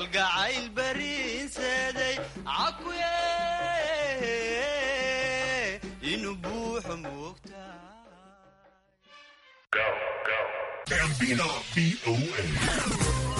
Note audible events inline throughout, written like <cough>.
القاع البرين سادي عقوية ينبوح وقتها Go, go. Gambino, B-O-A.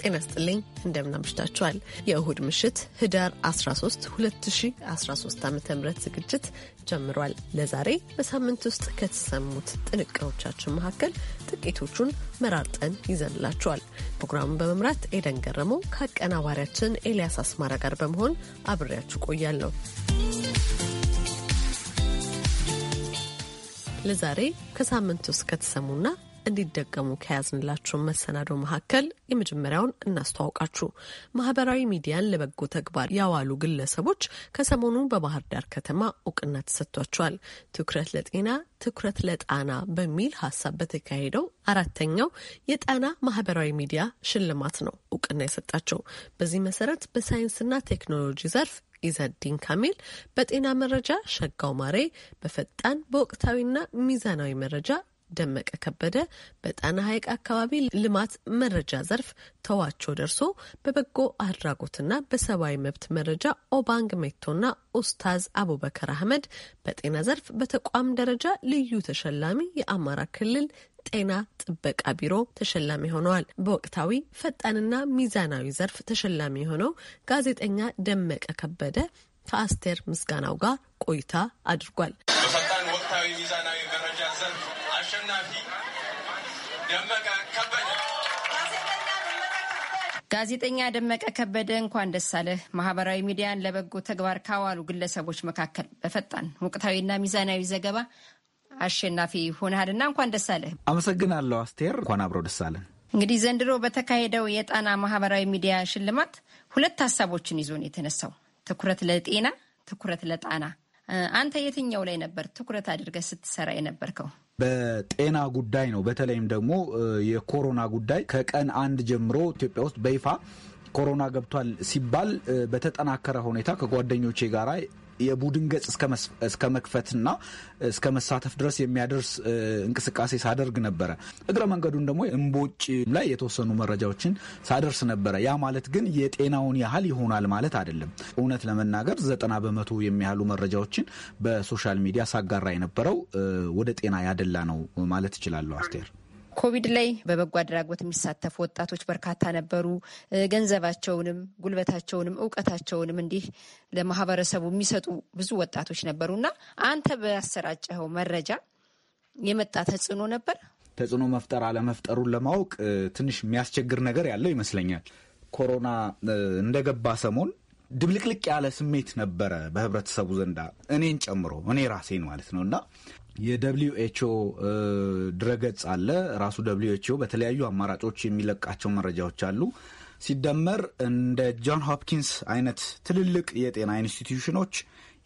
ጤና ስጥልኝ እንደምናምሽታችኋል። የእሁድ ምሽት ህዳር 13 2013 ዓ ም ዝግጅት ጀምሯል። ለዛሬ በሳምንት ውስጥ ከተሰሙት ጥንቅሮቻችን መካከል ጥቂቶቹን መራርጠን ይዘንላችኋል። ፕሮግራሙን በመምራት ኤደን ገረመው ከአቀናባሪያችን ኤልያስ አስማራ ጋር በመሆን አብሬያችሁ ቆያለሁ። ለዛሬ ከሳምንት ውስጥ ከተሰሙና እንዲደገሙ ከያዝንላቸው መሰናዶ መካከል የመጀመሪያውን እናስተዋውቃችሁ። ማህበራዊ ሚዲያን ለበጎ ተግባር ያዋሉ ግለሰቦች ከሰሞኑ በባህር ዳር ከተማ እውቅና ተሰጥቷቸዋል። ትኩረት ለጤና ትኩረት ለጣና በሚል ሀሳብ በተካሄደው አራተኛው የጣና ማህበራዊ ሚዲያ ሽልማት ነው እውቅና የሰጣቸው። በዚህ መሰረት በሳይንስና ቴክኖሎጂ ዘርፍ ኢዘዲን ካሜል፣ በጤና መረጃ ሸጋው ማሬ፣ በፈጣን በወቅታዊና ሚዛናዊ መረጃ ደመቀ ከበደ በጣና ሐይቅ አካባቢ ልማት መረጃ ዘርፍ ተዋቸው ደርሶ በበጎ አድራጎትና በሰብአዊ መብት መረጃ ኦባንግ ሜቶና ኡስታዝ አቡበከር አህመድ በጤና ዘርፍ በተቋም ደረጃ ልዩ ተሸላሚ የአማራ ክልል ጤና ጥበቃ ቢሮ ተሸላሚ ሆነዋል። በወቅታዊ ፈጣንና ሚዛናዊ ዘርፍ ተሸላሚ የሆነው ጋዜጠኛ ደመቀ ከበደ ከአስቴር ምስጋናው ጋር ቆይታ አድርጓል። በፈጣን ወቅታዊ ሚዛናዊ መረጃ ዘርፍ ደመቀ ከበደ ጋዜጠኛ ደመቀ ከበደ እንኳን ደሳለህ ማህበራዊ ሚዲያን ለበጎ ተግባር ካዋሉ ግለሰቦች መካከል በፈጣን ወቅታዊና ሚዛናዊ ዘገባ አሸናፊ ሆነሃልና እንኳን ደሳለህ አመሰግናለሁ አስቴር። እንኳን አብረው ደሳለን። እንግዲህ ዘንድሮ በተካሄደው የጣና ማህበራዊ ሚዲያ ሽልማት ሁለት ሀሳቦችን ይዞ የተነሳው። ትኩረት ለጤና፣ ትኩረት ለጣና አንተ የትኛው ላይ ነበር ትኩረት አድርገህ ስትሰራ የነበርከው? በጤና ጉዳይ ነው። በተለይም ደግሞ የኮሮና ጉዳይ ከቀን አንድ ጀምሮ ኢትዮጵያ ውስጥ በይፋ ኮሮና ገብቷል ሲባል በተጠናከረ ሁኔታ ከጓደኞቼ ጋር የቡድን ገጽ እስከ መክፈትና እስከ መሳተፍ ድረስ የሚያደርስ እንቅስቃሴ ሳደርግ ነበረ። እግረ መንገዱን ደግሞ እምቦጭ ላይ የተወሰኑ መረጃዎችን ሳደርስ ነበረ። ያ ማለት ግን የጤናውን ያህል ይሆናል ማለት አይደለም። እውነት ለመናገር ዘጠና በመቶ የሚያህሉ መረጃዎችን በሶሻል ሚዲያ ሳጋራ የነበረው ወደ ጤና ያደላ ነው ማለት እችላለሁ አስቴር። ኮቪድ ላይ በበጎ አድራጎት የሚሳተፉ ወጣቶች በርካታ ነበሩ። ገንዘባቸውንም፣ ጉልበታቸውንም፣ እውቀታቸውንም እንዲህ ለማህበረሰቡ የሚሰጡ ብዙ ወጣቶች ነበሩ እና አንተ በያሰራጨኸው መረጃ የመጣ ተጽዕኖ ነበር? ተጽዕኖ መፍጠር አለመፍጠሩን ለማወቅ ትንሽ የሚያስቸግር ነገር ያለው ይመስለኛል። ኮሮና እንደገባ ሰሞን ድብልቅልቅ ያለ ስሜት ነበረ በህብረተሰቡ ዘንዳ እኔን ጨምሮ እኔ ራሴን ማለት ነው እና የደብሊዩ ኤችኦ ድረገጽ አለ። ራሱ ደብሊዩ ኤችኦ በተለያዩ አማራጮች የሚለቃቸው መረጃዎች አሉ። ሲደመር እንደ ጆን ሆፕኪንስ አይነት ትልልቅ የጤና ኢንስቲትዩሽኖች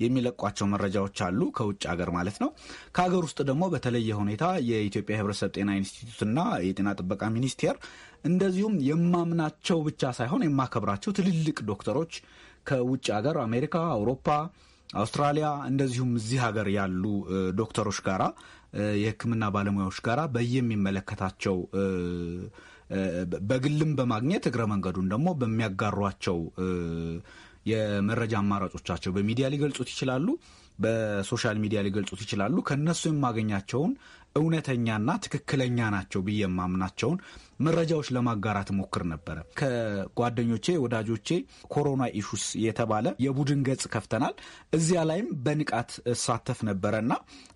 የሚለቋቸው መረጃዎች አሉ፣ ከውጭ ሀገር ማለት ነው። ከሀገር ውስጥ ደግሞ በተለየ ሁኔታ የኢትዮጵያ ሕብረተሰብ ጤና ኢንስቲትዩትና የጤና ጥበቃ ሚኒስቴር እንደዚሁም የማምናቸው ብቻ ሳይሆን የማከብራቸው ትልልቅ ዶክተሮች ከውጭ ሀገር አሜሪካ፣ አውሮፓ አውስትራሊያ እንደዚሁም እዚህ ሀገር ያሉ ዶክተሮች ጋራ የሕክምና ባለሙያዎች ጋራ በየሚመለከታቸው በግልም በማግኘት እግረ መንገዱን ደግሞ በሚያጋሯቸው የመረጃ አማራጮቻቸው በሚዲያ ሊገልጹት ይችላሉ፣ በሶሻል ሚዲያ ሊገልጹት ይችላሉ። ከእነሱ የማገኛቸውን እውነተኛና ትክክለኛ ናቸው ብዬ የማምናቸውን መረጃዎች ለማጋራት ሞክር ነበረ። ከጓደኞቼ ወዳጆቼ ኮሮና ኢሹስ የተባለ የቡድን ገጽ ከፍተናል። እዚያ ላይም በንቃት እሳተፍ ነበረ እና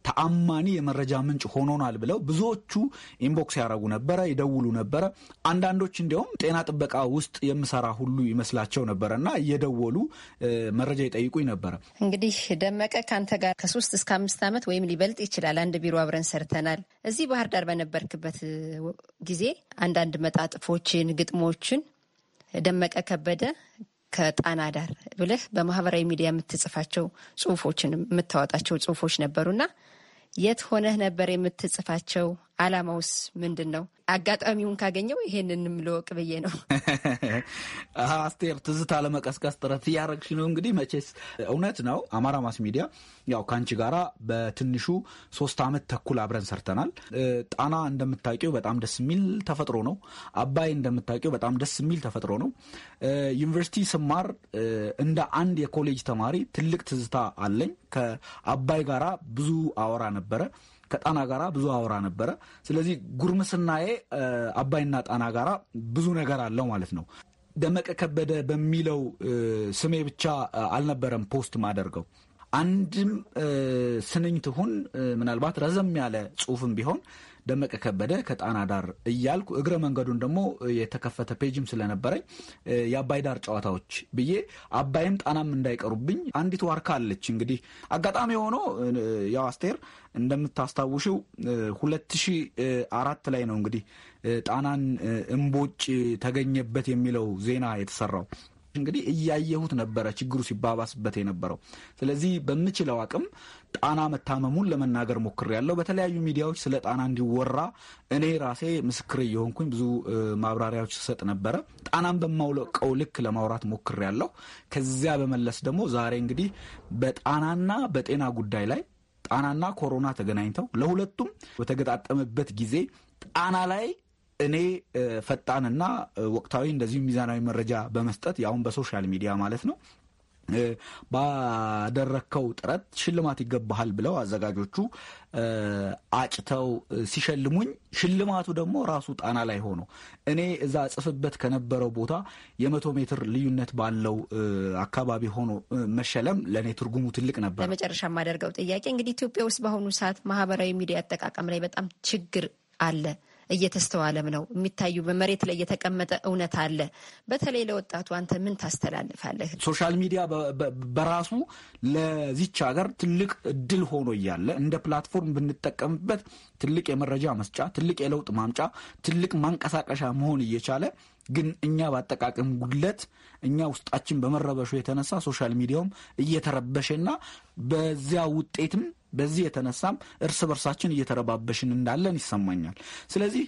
ተአማኒ የመረጃ ምንጭ ሆኖናል ብለው ብዙዎቹ ኢንቦክስ ያደረጉ ነበረ፣ ይደውሉ ነበረ። አንዳንዶች እንዲያውም ጤና ጥበቃ ውስጥ የምሰራ ሁሉ ይመስላቸው ነበረ እና እየደወሉ መረጃ ይጠይቁኝ ነበረ። እንግዲህ ደመቀ ከአንተ ጋር ከሶስት እስከ አምስት ዓመት ወይም ሊበልጥ ይችላል አንድ ቢሮ አብረን ሰርተናል። እዚህ ባህር ዳር በነበርክበት ጊዜ አንድ አንዳንድ መጣጥፎችን፣ ግጥሞችን ደመቀ ከበደ ከጣና ዳር ብለህ በማህበራዊ ሚዲያ የምትጽፋቸው ጽሁፎችን የምታወጣቸው ጽሁፎች ነበሩና የት ሆነህ ነበር የምትጽፋቸው? አላማውስ ምንድን ነው? አጋጣሚውን ካገኘው ይሄንንም ልወቅ ብዬ ነው። <laughs> አስቴር፣ ትዝታ ለመቀስቀስ ጥረት እያረግሽ ነው። እንግዲህ መቼስ እውነት ነው አማራ ማስ ሚዲያ ያው ከአንቺ ጋራ በትንሹ ሶስት ዓመት ተኩል አብረን ሰርተናል። ጣና እንደምታውቂው በጣም ደስ የሚል ተፈጥሮ ነው። አባይ እንደምታውቂው በጣም ደስ የሚል ተፈጥሮ ነው። ዩኒቨርሲቲ ስማር እንደ አንድ የኮሌጅ ተማሪ ትልቅ ትዝታ አለኝ። ከአባይ ጋራ ብዙ አወራ ነበረ። ከጣና ጋራ ብዙ አወራ ነበረ። ስለዚህ ጉርምስናዬ አባይና ጣና ጋራ ብዙ ነገር አለው ማለት ነው። ደመቀ ከበደ በሚለው ስሜ ብቻ አልነበረም ፖስት ማደርገው አንድም ስንኝ ትሁን ምናልባት ረዘም ያለ ጽሁፍም ቢሆን ደመቀ ከበደ ከጣና ዳር እያልኩ እግረ መንገዱን ደግሞ የተከፈተ ፔጅም ስለነበረኝ የአባይ ዳር ጨዋታዎች ብዬ አባይም ጣናም እንዳይቀሩብኝ አንዲት ዋርካ አለች። እንግዲህ አጋጣሚ ሆኖ ያው አስቴር እንደምታስታውሽው ሁለት አራት ላይ ነው እንግዲህ ጣናን እምቦጭ ተገኘበት የሚለው ዜና የተሰራው። እንግዲህ እያየሁት ነበረ ችግሩ ሲባባስበት የነበረው። ስለዚህ በምችለው አቅም ጣና መታመሙን ለመናገር ሞክር ያለው በተለያዩ ሚዲያዎች ስለ ጣና እንዲወራ እኔ ራሴ ምስክር እየሆንኩኝ ብዙ ማብራሪያዎች ስሰጥ ነበረ። ጣናን በማውለቀው ልክ ለማውራት ሞክር ያለው። ከዚያ በመለስ ደግሞ ዛሬ እንግዲህ በጣናና በጤና ጉዳይ ላይ ጣናና ኮሮና ተገናኝተው ለሁለቱም በተገጣጠመበት ጊዜ ጣና ላይ እኔ ፈጣንና ወቅታዊ እንደዚሁ ሚዛናዊ መረጃ በመስጠት ያሁን በሶሻል ሚዲያ ማለት ነው ባደረግከው ጥረት ሽልማት ይገባሃል ብለው አዘጋጆቹ አጭተው ሲሸልሙኝ ሽልማቱ ደግሞ ራሱ ጣና ላይ ሆኖ እኔ እዛ ጽፍበት ከነበረው ቦታ የመቶ ሜትር ልዩነት ባለው አካባቢ ሆኖ መሸለም ለእኔ ትርጉሙ ትልቅ ነበር። ለመጨረሻ የማደርገው ጥያቄ እንግዲህ ኢትዮጵያ ውስጥ በአሁኑ ሰዓት ማህበራዊ ሚዲያ አጠቃቀም ላይ በጣም ችግር አለ። እየተስተዋለም ነው የሚታዩ በመሬት ላይ የተቀመጠ እውነት አለ። በተለይ ለወጣቱ አንተ ምን ታስተላልፋለህ? ሶሻል ሚዲያ በራሱ ለዚች ሀገር ትልቅ እድል ሆኖ እያለ እንደ ፕላትፎርም ብንጠቀምበት ትልቅ የመረጃ መስጫ፣ ትልቅ የለውጥ ማምጫ፣ ትልቅ ማንቀሳቀሻ መሆን እየቻለ ግን እኛ በአጠቃቀም ጉድለት እኛ ውስጣችን በመረበሹ የተነሳ ሶሻል ሚዲያውም እየተረበሸና በዚያ ውጤትም በዚህ የተነሳም እርስ በርሳችን እየተረባበሽን እንዳለን ይሰማኛል። ስለዚህ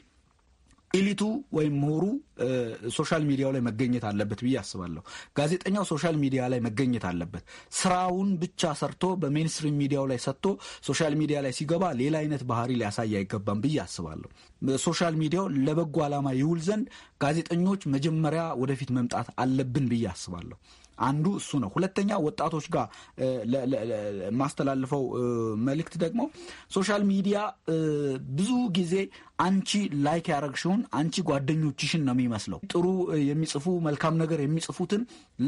ኤሊቱ ወይም ምሁሩ ሶሻል ሚዲያው ላይ መገኘት አለበት ብዬ አስባለሁ። ጋዜጠኛው ሶሻል ሚዲያ ላይ መገኘት አለበት። ስራውን ብቻ ሰርቶ በሜንስትሪም ሚዲያው ላይ ሰጥቶ ሶሻል ሚዲያ ላይ ሲገባ ሌላ አይነት ባህሪ ሊያሳይ አይገባም ብዬ አስባለሁ። ሶሻል ሚዲያው ለበጎ ዓላማ ይውል ዘንድ ጋዜጠኞች መጀመሪያ ወደፊት መምጣት አለብን ብዬ አስባለሁ። አንዱ እሱ ነው። ሁለተኛ ወጣቶች ጋር የማስተላልፈው መልእክት ደግሞ ሶሻል ሚዲያ ብዙ ጊዜ አንቺ ላይክ ሲሆን አንቺ ጓደኞችሽን ነው የሚመስለው። ጥሩ የሚጽፉ መልካም ነገር የሚጽፉትን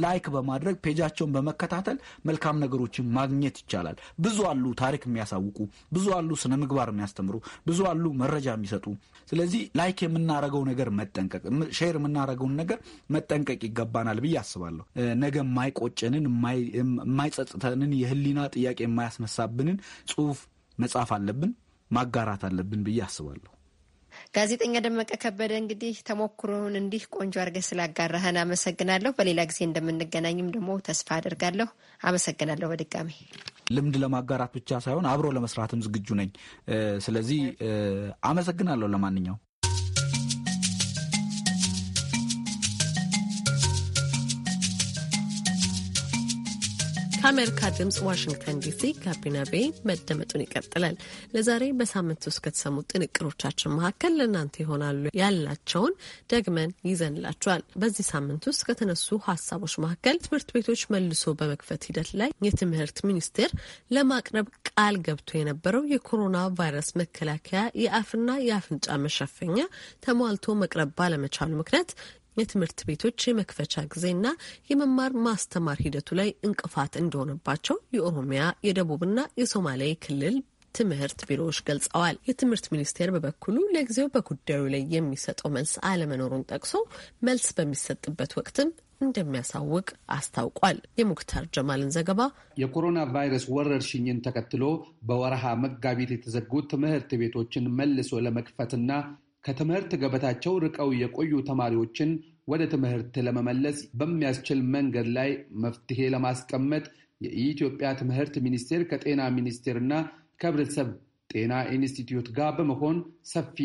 ላይክ በማድረግ ፔጃቸውን በመከታተል መልካም ነገሮችን ማግኘት ይቻላል። ብዙ አሉ፣ ታሪክ የሚያሳውቁ ብዙ አሉ፣ ስነ ምግባር የሚያስተምሩ ብዙ አሉ፣ መረጃ የሚሰጡ። ስለዚህ ላይክ የምናረገው ነገር መጠንቀቅ፣ ሼር የምናረገውን ነገር መጠንቀቅ ይገባናል ብዬ አስባለሁ። ነገ የማይቆጨንን የማይጸጽተንን የህሊና ጥያቄ የማያስነሳብንን ጽሁፍ መጻፍ አለብን፣ ማጋራት አለብን ብዬ አስባለሁ። ጋዜጠኛ ደመቀ ከበደ እንግዲህ ተሞክሮውን እንዲህ ቆንጆ አድርገህ ስላጋራህን አመሰግናለሁ። በሌላ ጊዜ እንደምንገናኝም ደግሞ ተስፋ አድርጋለሁ። አመሰግናለሁ በድጋሚ ልምድ ለማጋራት ብቻ ሳይሆን አብሮ ለመስራትም ዝግጁ ነኝ። ስለዚህ አመሰግናለሁ። ለማንኛውም ከአሜሪካ ድምፅ ዋሽንግተን ዲሲ ጋቢና ቤ መደመጡን ይቀጥላል። ለዛሬ በሳምንት ውስጥ ከተሰሙ ጥንቅሮቻችን መካከል ለእናንተ ይሆናሉ ያላቸውን ደግመን ይዘንላቸዋል። በዚህ ሳምንት ውስጥ ከተነሱ ሀሳቦች መካከል ትምህርት ቤቶች መልሶ በመክፈት ሂደት ላይ የትምህርት ሚኒስቴር ለማቅረብ ቃል ገብቶ የነበረው የኮሮና ቫይረስ መከላከያ የአፍና የአፍንጫ መሸፈኛ ተሟልቶ መቅረብ ባለመቻሉ ምክንያት የትምህርት ቤቶች የመክፈቻ ጊዜና የመማር ማስተማር ሂደቱ ላይ እንቅፋት እንደሆነባቸው የኦሮሚያ የደቡብና የሶማሌ ክልል ትምህርት ቢሮዎች ገልጸዋል። የትምህርት ሚኒስቴር በበኩሉ ለጊዜው በጉዳዩ ላይ የሚሰጠው መልስ አለመኖሩን ጠቅሶ መልስ በሚሰጥበት ወቅትም እንደሚያሳውቅ አስታውቋል። የሙክታር ጀማልን ዘገባ። የኮሮና ቫይረስ ወረርሽኝን ተከትሎ በወረሃ መጋቢት የተዘጉ ትምህርት ቤቶችን መልሶ ለመክፈትና ከትምህርት ገበታቸው ርቀው የቆዩ ተማሪዎችን ወደ ትምህርት ለመመለስ በሚያስችል መንገድ ላይ መፍትሄ ለማስቀመጥ የኢትዮጵያ ትምህርት ሚኒስቴር ከጤና ሚኒስቴርና ከህብረተሰብ ጤና ኢንስቲትዩት ጋር በመሆን ሰፊ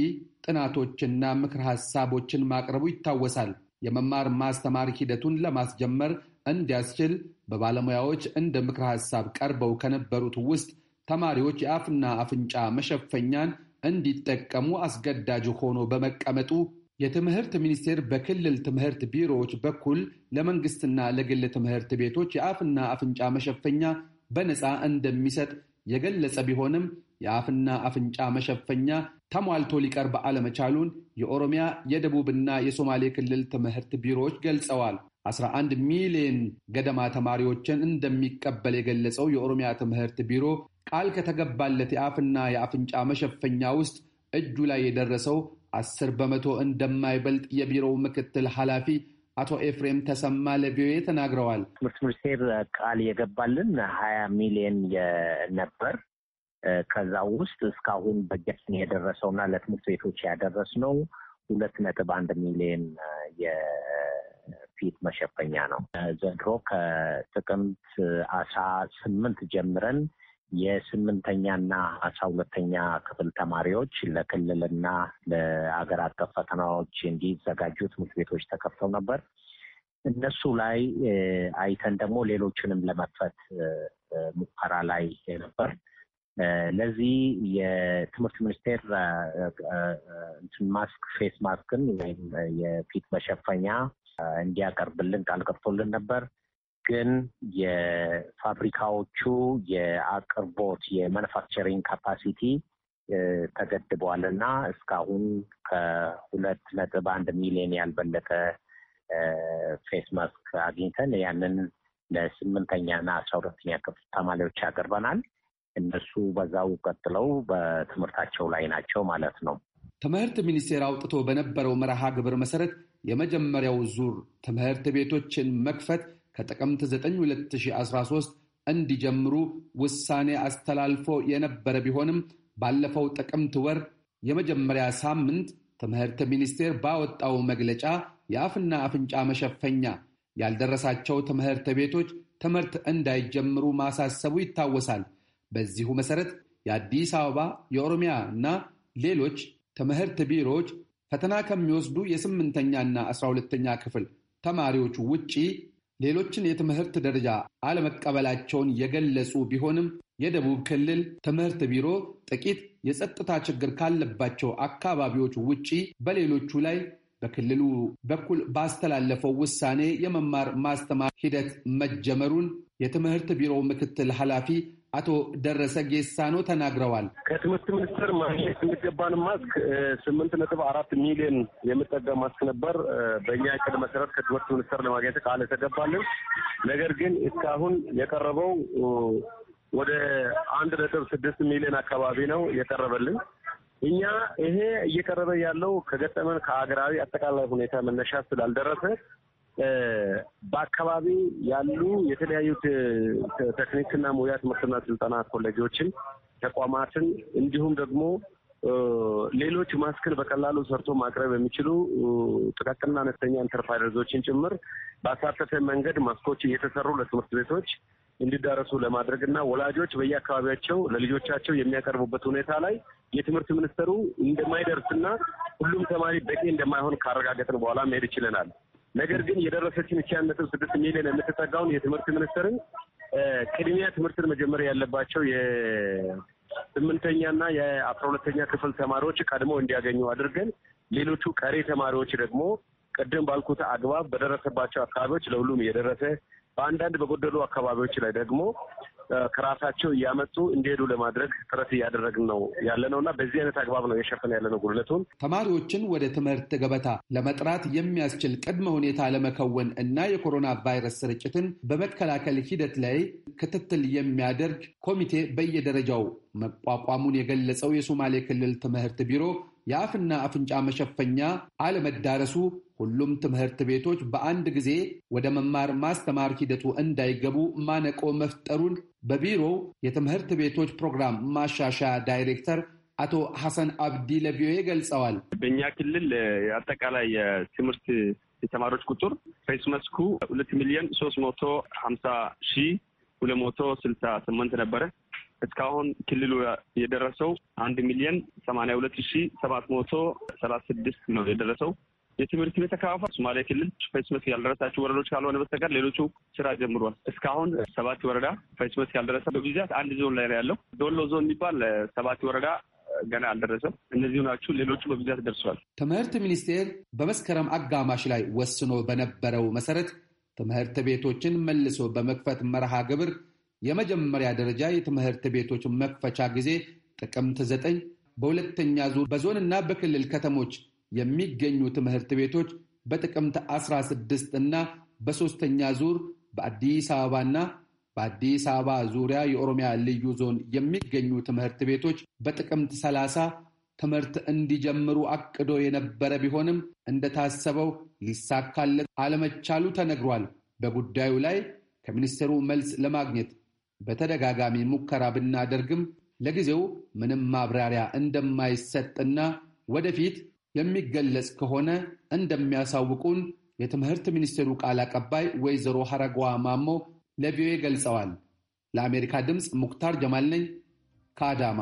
ጥናቶችና ምክር ሀሳቦችን ማቅረቡ ይታወሳል። የመማር ማስተማር ሂደቱን ለማስጀመር እንዲያስችል በባለሙያዎች እንደ ምክር ሀሳብ ቀርበው ከነበሩት ውስጥ ተማሪዎች የአፍና አፍንጫ መሸፈኛን እንዲጠቀሙ አስገዳጅ ሆኖ በመቀመጡ የትምህርት ሚኒስቴር በክልል ትምህርት ቢሮዎች በኩል ለመንግስትና ለግል ትምህርት ቤቶች የአፍና አፍንጫ መሸፈኛ በነፃ እንደሚሰጥ የገለጸ ቢሆንም የአፍና አፍንጫ መሸፈኛ ተሟልቶ ሊቀርብ አለመቻሉን የኦሮሚያ የደቡብና የሶማሌ ክልል ትምህርት ቢሮዎች ገልጸዋል። 11 ሚሊዮን ገደማ ተማሪዎችን እንደሚቀበል የገለጸው የኦሮሚያ ትምህርት ቢሮ ቃል ከተገባለት የአፍና የአፍንጫ መሸፈኛ ውስጥ እጁ ላይ የደረሰው አስር በመቶ እንደማይበልጥ የቢሮው ምክትል ኃላፊ አቶ ኤፍሬም ተሰማ ለቪኦኤ ተናግረዋል። ትምህርት ሚኒስቴር ቃል የገባልን ሀያ ሚሊየን ነበር። ከዛ ውስጥ እስካሁን የደረሰው የደረሰውና ለትምህርት ቤቶች ያደረስነው ሁለት ነጥብ አንድ ሚሊየን የፊት መሸፈኛ ነው። ዘንድሮ ከጥቅምት አስራ ስምንት ጀምረን የስምንተኛና አስራ ሁለተኛ ክፍል ተማሪዎች ለክልልና ለአገር አቀፍ ፈተናዎች እንዲዘጋጁ ትምህርት ቤቶች ተከፍተው ነበር። እነሱ ላይ አይተን ደግሞ ሌሎችንም ለመክፈት ሙከራ ላይ ነበር። ለዚህ የትምህርት ሚኒስቴር ማስክ ፌስ ማስክን ወይም የፊት መሸፈኛ እንዲያቀርብልን ቃል ገብቶልን ነበር። ግን የፋብሪካዎቹ የአቅርቦት የማኑፋክቸሪንግ ካፓሲቲ ተገድበዋል እና እስካሁን ከሁለት ነጥብ አንድ ሚሊዮን ያልበለጠ ፌስ ማስክ አግኝተን ያንን ለስምንተኛ እና አስራ ሁለተኛ ክፍል ተማሪዎች ያቀርበናል። እነሱ በዛው ቀጥለው በትምህርታቸው ላይ ናቸው ማለት ነው። ትምህርት ሚኒስቴር አውጥቶ በነበረው መርሃ ግብር መሰረት የመጀመሪያው ዙር ትምህርት ቤቶችን መክፈት ከጥቅምት 9 2013 እንዲጀምሩ ውሳኔ አስተላልፎ የነበረ ቢሆንም ባለፈው ጥቅምት ወር የመጀመሪያ ሳምንት ትምህርት ሚኒስቴር ባወጣው መግለጫ የአፍና አፍንጫ መሸፈኛ ያልደረሳቸው ትምህርት ቤቶች ትምህርት እንዳይጀምሩ ማሳሰቡ ይታወሳል። በዚሁ መሰረት የአዲስ አበባ፣ የኦሮሚያ እና ሌሎች ትምህርት ቢሮዎች ፈተና ከሚወስዱ የስምንተኛና አስራ ሁለተኛ ክፍል ተማሪዎች ውጪ ሌሎችን የትምህርት ደረጃ አለመቀበላቸውን የገለጹ ቢሆንም የደቡብ ክልል ትምህርት ቢሮ ጥቂት የጸጥታ ችግር ካለባቸው አካባቢዎች ውጪ በሌሎቹ ላይ በክልሉ በኩል ባስተላለፈው ውሳኔ የመማር ማስተማር ሂደት መጀመሩን የትምህርት ቢሮው ምክትል ኃላፊ አቶ ደረሰ ጌሳኖ ተናግረዋል። ከትምህርት ሚኒስቴር ማግኘት የሚገባን ማስክ ስምንት ነጥብ አራት ሚሊዮን የምጠጋ ማስክ ነበር። በእኛ እቅድ መሰረት ከትምህርት ሚኒስቴር ለማግኘት ቃል የተገባልን፣ ነገር ግን እስካሁን የቀረበው ወደ አንድ ነጥብ ስድስት ሚሊዮን አካባቢ ነው የቀረበልን። እኛ ይሄ እየቀረበ ያለው ከገጠመን ከሀገራዊ አጠቃላይ ሁኔታ መነሻ ስላልደረሰ በአካባቢ ያሉ የተለያዩ ቴክኒክና ሙያ ትምህርትና ስልጠና ኮሌጆችን፣ ተቋማትን እንዲሁም ደግሞ ሌሎች ማስክን በቀላሉ ሰርቶ ማቅረብ የሚችሉ ጥቃቅንና አነስተኛ ኢንተርፕራይዞችን ጭምር በአሳተፈ መንገድ ማስኮች እየተሰሩ ለትምህርት ቤቶች እንዲዳረሱ ለማድረግ እና ወላጆች በየአካባቢያቸው ለልጆቻቸው የሚያቀርቡበት ሁኔታ ላይ የትምህርት ሚኒስትሩ እንደማይደርስና ሁሉም ተማሪ በቂ እንደማይሆን ካረጋገጥን በኋላ መሄድ ይችለናል። ነገር ግን የደረሰችን ይህች አንድ ነጥብ ስድስት ሚሊዮን የምትጠጋውን የትምህርት ሚኒስትርን ቅድሚያ ትምህርትን መጀመሪያ ያለባቸው የስምንተኛና የአስራ ሁለተኛ ክፍል ተማሪዎች ቀድሞ እንዲያገኙ አድርገን ሌሎቹ ቀሪ ተማሪዎች ደግሞ ቅድም ባልኩት አግባብ በደረሰባቸው አካባቢዎች ለሁሉም እየደረሰ በአንዳንድ በጎደሉ አካባቢዎች ላይ ደግሞ ከራሳቸው እያመጡ እንዲሄዱ ለማድረግ ጥረት እያደረግን ነው ያለ ነው እና በዚህ አይነት አግባብ ነው የሸፈነ ያለ ነው ጉድለቱን። ተማሪዎችን ወደ ትምህርት ገበታ ለመጥራት የሚያስችል ቅድመ ሁኔታ ለመከወን እና የኮሮና ቫይረስ ስርጭትን በመከላከል ሂደት ላይ ክትትል የሚያደርግ ኮሚቴ በየደረጃው መቋቋሙን የገለጸው የሶማሌ ክልል ትምህርት ቢሮ የአፍና አፍንጫ መሸፈኛ አለመዳረሱ ሁሉም ትምህርት ቤቶች በአንድ ጊዜ ወደ መማር ማስተማር ሂደቱ እንዳይገቡ ማነቆ መፍጠሩን በቢሮው የትምህርት ቤቶች ፕሮግራም ማሻሻያ ዳይሬክተር አቶ ሐሰን አብዲ ለቪኦኤ ገልጸዋል። በእኛ ክልል አጠቃላይ የትምህርት የተማሪዎች ቁጥር ፌስ መስኩ ሁለት ሚሊዮን ሶስት መቶ ሀምሳ ሺ ሁለት መቶ ስልሳ ስምንት ነበረ። እስካሁን ክልሉ የደረሰው አንድ ሚሊዮን ሰማንያ ሁለት ሺ ሰባት መቶ ሰላሳ ስድስት ነው የደረሰው የትምህርት ቤት አከፋፈል ሶማሌ ክልል ፌስመስ ያልደረሳቸው ወረዳዎች ካልሆነ በስተቀር ሌሎቹ ስራ ጀምሯል። እስካሁን ሰባት ወረዳ ፌስመስ ያልደረሰ በጊዜያት አንድ ዞን ላይ ነው ያለው። ዶሎ ዞን የሚባል ሰባት ወረዳ ገና አልደረሰም። እነዚሁ ናችሁ። ሌሎቹ በብዛት ደርሷል። ትምህርት ሚኒስቴር በመስከረም አጋማሽ ላይ ወስኖ በነበረው መሰረት ትምህርት ቤቶችን መልሶ በመክፈት መርሃ ግብር የመጀመሪያ ደረጃ የትምህርት ቤቶች መክፈቻ ጊዜ ጥቅምት ዘጠኝ በሁለተኛ ዙር በዞንና በክልል ከተሞች የሚገኙ ትምህርት ቤቶች በጥቅምት 16 እና በሦስተኛ ዙር በአዲስ አበባና በአዲስ አበባ ዙሪያ የኦሮሚያ ልዩ ዞን የሚገኙ ትምህርት ቤቶች በጥቅምት 30 ትምህርት እንዲጀምሩ አቅዶ የነበረ ቢሆንም እንደታሰበው ሊሳካለት አለመቻሉ ተነግሯል። በጉዳዩ ላይ ከሚኒስትሩ መልስ ለማግኘት በተደጋጋሚ ሙከራ ብናደርግም ለጊዜው ምንም ማብራሪያ እንደማይሰጥና ወደፊት የሚገለጽ ከሆነ እንደሚያሳውቁን የትምህርት ሚኒስቴሩ ቃል አቀባይ ወይዘሮ ሀረጓ ማሞ ለቪኦኤ ገልጸዋል። ለአሜሪካ ድምፅ ሙክታር ጀማል ነኝ ከአዳማ።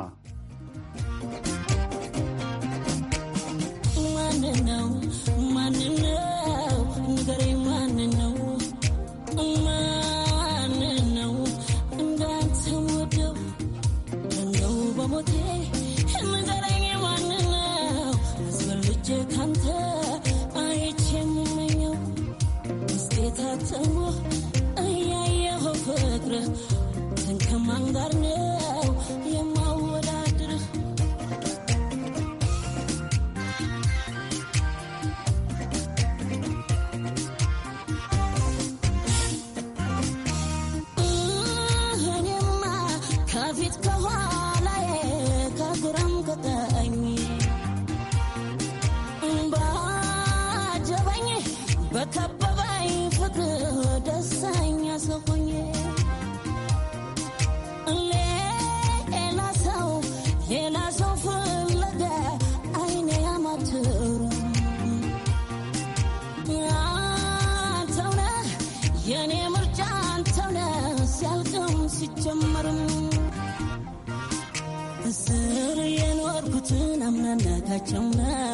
No not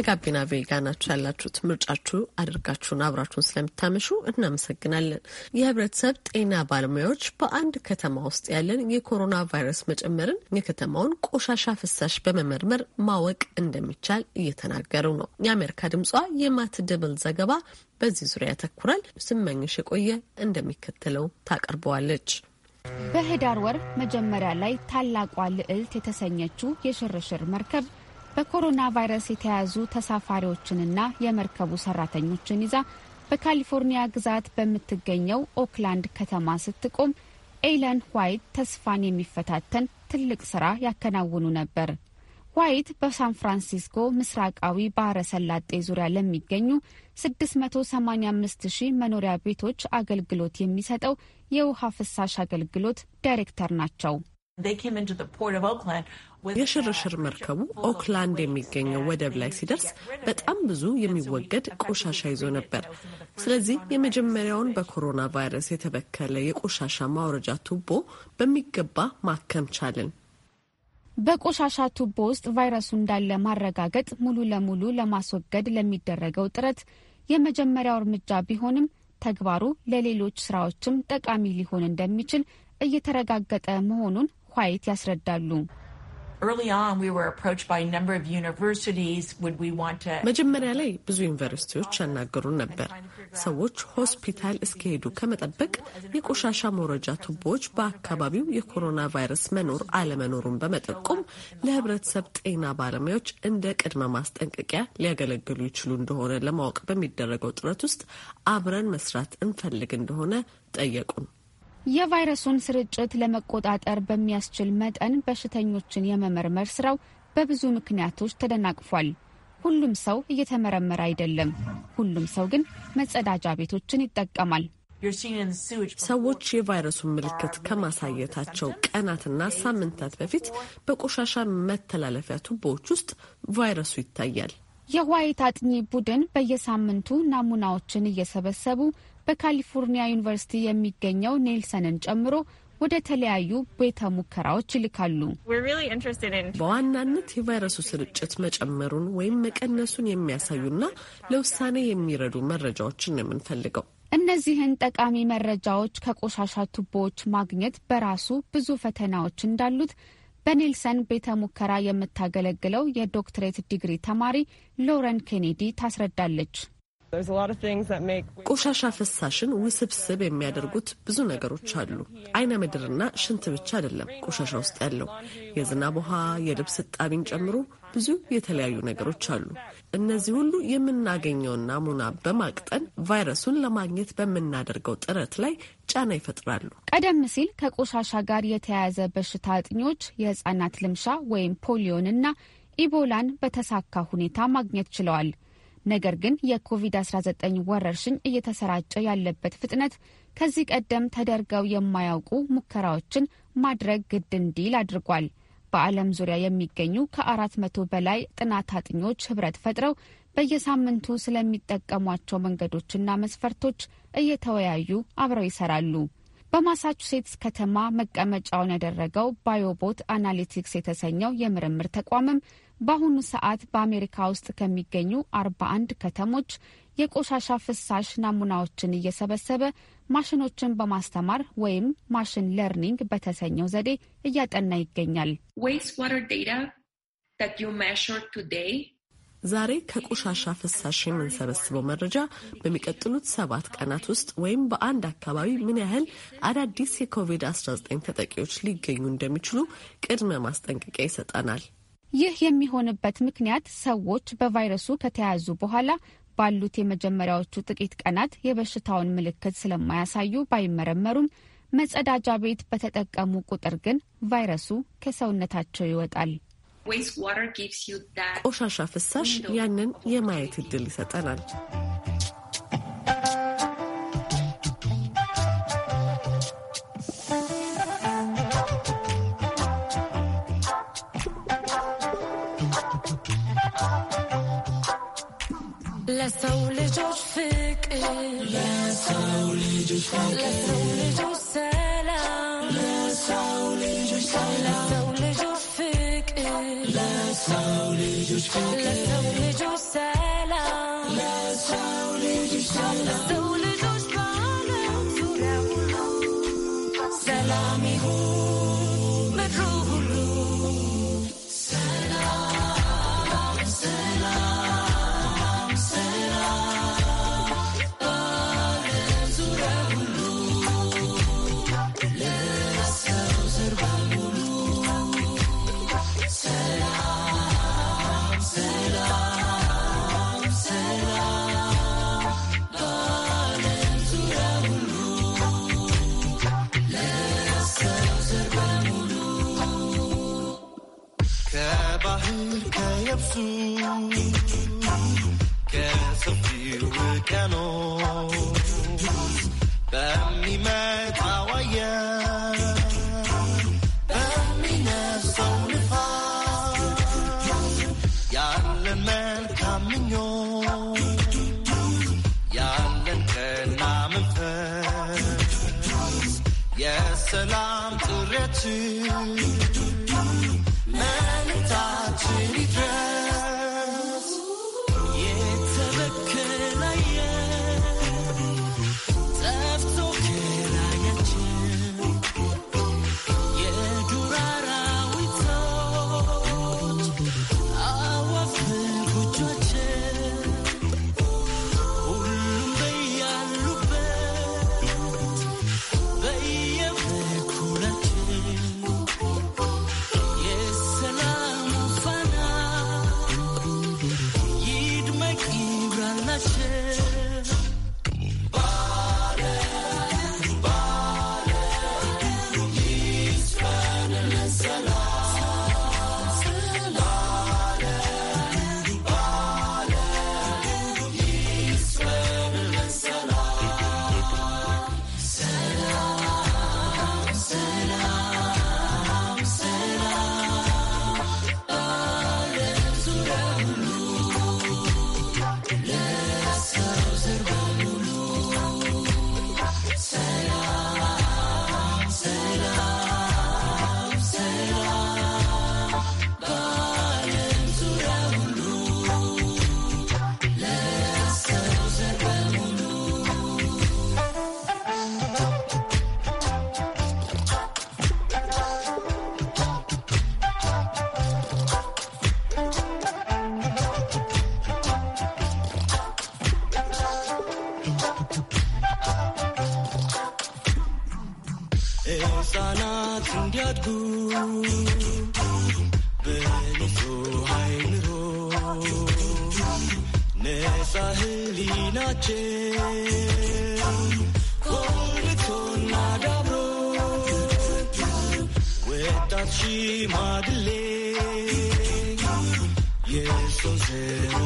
ከጋቢና ቬጋ ናችሁ ያላችሁት ምርጫችሁ አድርጋችሁን አብራችሁን ስለምታመሹ እናመሰግናለን። የህብረተሰብ ጤና ባለሙያዎች በአንድ ከተማ ውስጥ ያለን የኮሮና ቫይረስ መጨመርን የከተማውን ቆሻሻ ፍሳሽ በመመርመር ማወቅ እንደሚቻል እየተናገሩ ነው። የአሜሪካ ድምጿ የማት ደብል ዘገባ በዚህ ዙሪያ ያተኩራል። ስመኝሽ የቆየ እንደሚከተለው ታቀርበዋለች። በህዳር ወር መጀመሪያ ላይ ታላቋ ልዕልት የተሰኘችው የሽርሽር መርከብ በኮሮና ቫይረስ የተያዙ ተሳፋሪዎችንና የመርከቡ ሰራተኞችን ይዛ በካሊፎርኒያ ግዛት በምትገኘው ኦክላንድ ከተማ ስትቆም ኤለን ዋይት ተስፋን የሚፈታተን ትልቅ ስራ ያከናውኑ ነበር። ዋይት በሳን ፍራንሲስኮ ምስራቃዊ ባህረ ሰላጤ ዙሪያ ለሚገኙ 685 ሺህ መኖሪያ ቤቶች አገልግሎት የሚሰጠው የውሃ ፍሳሽ አገልግሎት ዳይሬክተር ናቸው። የሽርሽር መርከቡ ኦክላንድ የሚገኘው ወደብ ላይ ሲደርስ በጣም ብዙ የሚወገድ ቆሻሻ ይዞ ነበር። ስለዚህ የመጀመሪያውን በኮሮና ቫይረስ የተበከለ የቆሻሻ ማውረጃ ቱቦ በሚገባ ማከም ቻልን። በቆሻሻ ቱቦ ውስጥ ቫይረሱ እንዳለ ማረጋገጥ ሙሉ ለሙሉ ለማስወገድ ለሚደረገው ጥረት የመጀመሪያው እርምጃ ቢሆንም ተግባሩ ለሌሎች ስራዎችም ጠቃሚ ሊሆን እንደሚችል እየተረጋገጠ መሆኑን ኋይት ያስረዳሉ። መጀመሪያ ላይ ብዙ ዩኒቨርሲቲዎች ያናገሩን ነበር። ሰዎች ሆስፒታል እስከሄዱ ከመጠበቅ የቆሻሻ መውረጃ ቱቦዎች በአካባቢው የኮሮና ቫይረስ መኖር አለመኖሩን በመጠቆም ለሕብረተሰብ ጤና ባለሙያዎች እንደ ቅድመ ማስጠንቀቂያ ሊያገለግሉ ይችሉ እንደሆነ ለማወቅ በሚደረገው ጥረት ውስጥ አብረን መስራት እንፈልግ እንደሆነ ጠየቁን። የቫይረሱን ስርጭት ለመቆጣጠር በሚያስችል መጠን በሽተኞችን የመመርመር ስራው በብዙ ምክንያቶች ተደናቅፏል። ሁሉም ሰው እየተመረመረ አይደለም። ሁሉም ሰው ግን መጸዳጃ ቤቶችን ይጠቀማል። ሰዎች የቫይረሱን ምልክት ከማሳየታቸው ቀናትና ሳምንታት በፊት በቆሻሻ መተላለፊያ ቱቦዎች ውስጥ ቫይረሱ ይታያል። የዋይት አጥኚ ቡድን በየሳምንቱ ናሙናዎችን እየሰበሰቡ በካሊፎርኒያ ዩኒቨርሲቲ የሚገኘው ኔልሰንን ጨምሮ ወደ ተለያዩ ቤተ ሙከራዎች ይልካሉ። በዋናነት የቫይረሱ ስርጭት መጨመሩን ወይም መቀነሱን የሚያሳዩና ለውሳኔ የሚረዱ መረጃዎችን ነው የምንፈልገው። እነዚህን ጠቃሚ መረጃዎች ከቆሻሻ ቱቦዎች ማግኘት በራሱ ብዙ ፈተናዎች እንዳሉት በኔልሰን ቤተ ሙከራ የምታገለግለው የዶክትሬት ዲግሪ ተማሪ ሎረን ኬኔዲ ታስረዳለች። ቆሻሻ ፍሳሽን ውስብስብ የሚያደርጉት ብዙ ነገሮች አሉ። አይነ ምድርና ሽንት ብቻ አይደለም ቆሻሻ ውስጥ ያለው። የዝናብ ውሃ፣ የልብስ እጣቢን ጨምሮ ብዙ የተለያዩ ነገሮች አሉ። እነዚህ ሁሉ የምናገኘውን ናሙና በማቅጠን ቫይረሱን ለማግኘት በምናደርገው ጥረት ላይ ጫና ይፈጥራሉ። ቀደም ሲል ከቆሻሻ ጋር የተያያዘ በሽታ አጥኚዎች የህጻናት ልምሻ ወይም ፖሊዮንና ኢቦላን በተሳካ ሁኔታ ማግኘት ችለዋል። ነገር ግን የኮቪድ-19 ወረርሽኝ እየተሰራጨ ያለበት ፍጥነት ከዚህ ቀደም ተደርገው የማያውቁ ሙከራዎችን ማድረግ ግድ እንዲል አድርጓል። በዓለም ዙሪያ የሚገኙ ከአራት መቶ በላይ ጥናት አጥኞች ህብረት ፈጥረው በየሳምንቱ ስለሚጠቀሟቸው መንገዶችና መስፈርቶች እየተወያዩ አብረው ይሰራሉ። በማሳቹሴትስ ከተማ መቀመጫውን ያደረገው ባዮቦት አናሊቲክስ የተሰኘው የምርምር ተቋምም በአሁኑ ሰዓት በአሜሪካ ውስጥ ከሚገኙ አርባ አንድ ከተሞች የቆሻሻ ፍሳሽ ናሙናዎችን እየሰበሰበ ማሽኖችን በማስተማር ወይም ማሽን ለርኒንግ በተሰኘው ዘዴ እያጠና ይገኛል። ዛሬ ከቆሻሻ ፍሳሽ የምንሰበስበው መረጃ በሚቀጥሉት ሰባት ቀናት ውስጥ ወይም በአንድ አካባቢ ምን ያህል አዳዲስ የኮቪድ-19 ተጠቂዎች ሊገኙ እንደሚችሉ ቅድመ ማስጠንቀቂያ ይሰጠናል። ይህ የሚሆንበት ምክንያት ሰዎች በቫይረሱ ከተያዙ በኋላ ባሉት የመጀመሪያዎቹ ጥቂት ቀናት የበሽታውን ምልክት ስለማያሳዩ ባይመረመሩም መጸዳጃ ቤት በተጠቀሙ ቁጥር ግን ቫይረሱ ከሰውነታቸው ይወጣል። ቆሻሻ ፍሳሽ ያንን የማየት እድል ይሰጠናል። Let's Jesús.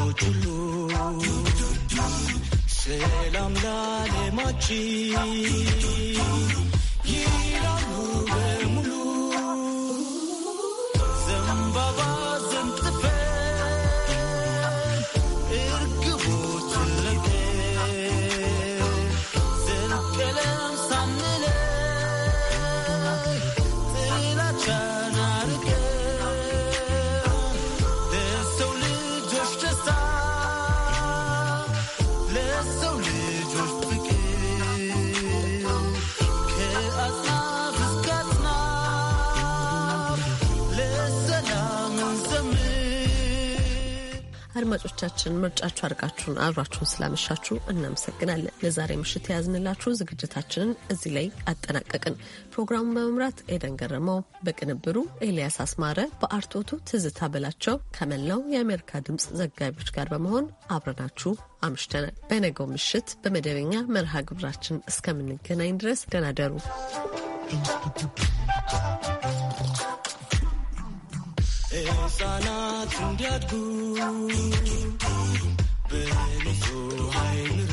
ነገሮች ሁሉ ሰላም ላለማችን አድማጮቻችን ምርጫችሁ አድርጋችሁን አብራችሁን ስላመሻችሁ እናመሰግናለን። ለዛሬ ምሽት የያዝንላችሁ ዝግጅታችንን እዚህ ላይ አጠናቀቅን። ፕሮግራሙን በመምራት ኤደን ገረመው፣ በቅንብሩ ኤልያስ አስማረ፣ በአርቶቱ ትዝታ በላቸው ከመላው የአሜሪካ ድምፅ ዘጋቢዎች ጋር በመሆን አብረናችሁ አምሽተናል። በነገው ምሽት በመደበኛ መርሃ ግብራችን እስከምንገናኝ ድረስ ደናደሩ። ህፃናት እንዲያድጉ በንጹህ አእምሮ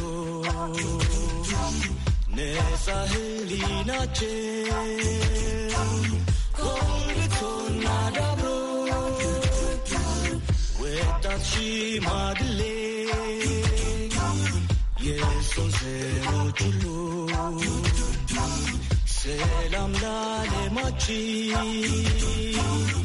ነፃ ሕሊናቸው ኮልቶና ዳብሮ ወጣት ሽማግሌ የሰው ዘሮች ሁሉ ሰላም ላለማችን